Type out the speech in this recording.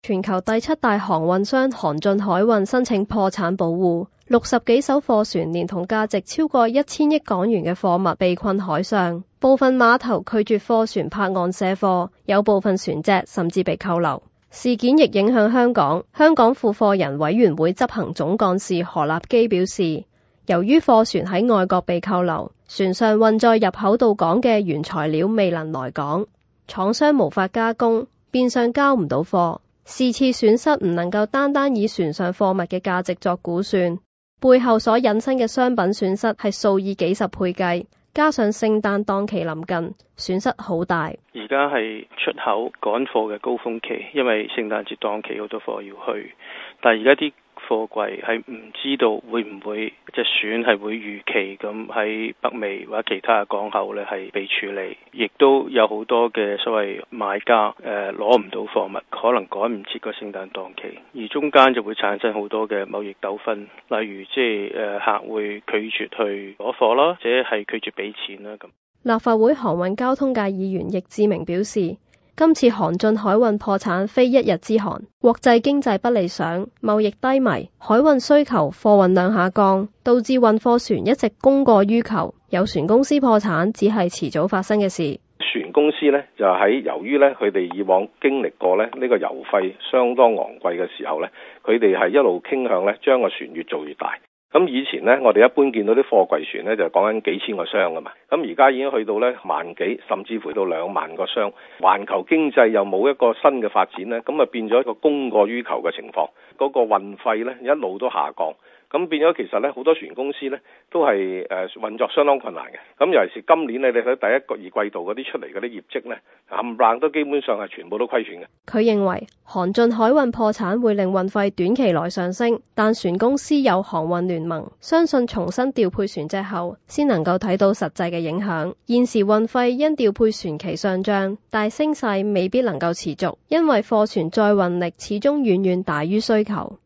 全球第七大航運商韓進海運申請破產保護，六十幾艘貨船連同價值超過一千億港元嘅貨物被困海上，部分碼頭拒絕貨船泊岸卸貨，有部分船隻甚至被扣留。事件亦影響香港，香港付貨人委員會執行總幹事何立基表示，由於貨船喺外國被扣留，船上運載入口到港嘅原材料未能來港，廠商無法加工，變相交唔到貨。是次損失唔能夠單單以船上貨物嘅價值作估算，背後所引申嘅商品損失係數以幾十倍計，加上聖誕檔期臨近，損失好大。而家係出口趕貨嘅高峰期，因為聖誕節檔期好多貨要去，但係而家啲。貨櫃係唔知道會唔會隻船係會逾期，咁喺北美或者其他嘅港口咧，係被處理，亦都有好多嘅所謂買家誒攞唔到貨物，可能趕唔切個聖誕檔期，而中間就會產生好多嘅貿易糾紛，例如即係誒客會拒絕去攞貨啦，或者係拒絕俾錢啦咁。立法會航運交通界議員易志明表示。今次韓進海運破產非一日之寒，國際經濟不理想，貿易低迷，海運需求貨運量下降，導致運貨船一直供過於求，有船公司破產只係遲早發生嘅事。船公司呢，就喺由於呢，佢哋以往經歷過呢，呢個油費相當昂貴嘅時候呢，佢哋係一路傾向呢，將個船越做越大。咁以前呢，我哋一般見到啲貨櫃船呢，就講緊幾千個箱噶嘛。咁而家已經去到呢萬幾，甚至乎到兩萬個箱。環球經濟又冇一個新嘅發展呢，咁啊變咗一個供過於求嘅情況。嗰個運費呢，一路都下降。咁變咗其實咧，好多船公司咧都係誒運作相當困難嘅。咁尤其是今年咧，你睇第一個二季度嗰啲出嚟嗰啲業績咧，冚唪唥都基本上係全部都虧損嘅。佢認為韓進海運破產會令運費短期內上升，但船公司有航運聯盟，相信重新調配船隻後，先能夠睇到實際嘅影響。現時運費因調配船期上漲，但升勢未必能夠持續，因為貨船載運力始終遠遠大於需求。